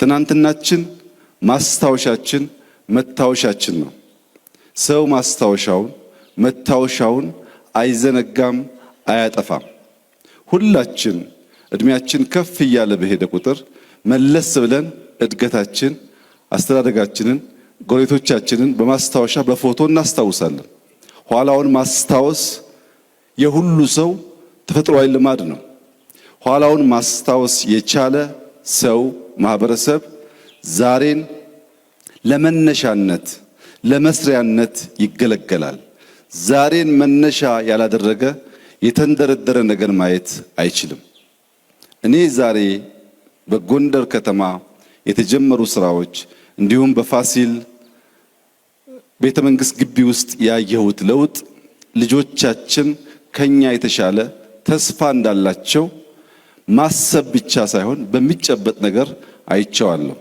ትናንትናችን ማስታወሻችን መታወሻችን ነው። ሰው ማስታወሻውን መታወሻውን አይዘነጋም፣ አያጠፋም። ሁላችን እድሜያችን ከፍ እያለ በሄደ ቁጥር መለስ ብለን እድገታችን፣ አስተዳደጋችንን፣ ጎረቤቶቻችንን በማስታወሻ በፎቶ እናስታውሳለን። ኋላውን ማስታወስ የሁሉ ሰው ተፈጥሯዊ ልማድ ነው። ኋላውን ማስታወስ የቻለ ሰው ማህበረሰብ ዛሬን ለመነሻነት ለመስሪያነት ይገለገላል። ዛሬን መነሻ ያላደረገ የተንደረደረ ነገር ማየት አይችልም። እኔ ዛሬ በጎንደር ከተማ የተጀመሩ ስራዎች እንዲሁም በፋሲል ቤተ መንግስት ግቢ ውስጥ ያየሁት ለውጥ ልጆቻችን ከኛ የተሻለ ተስፋ እንዳላቸው ማሰብ ብቻ ሳይሆን በሚጨበጥ ነገር አይቸዋለሁ።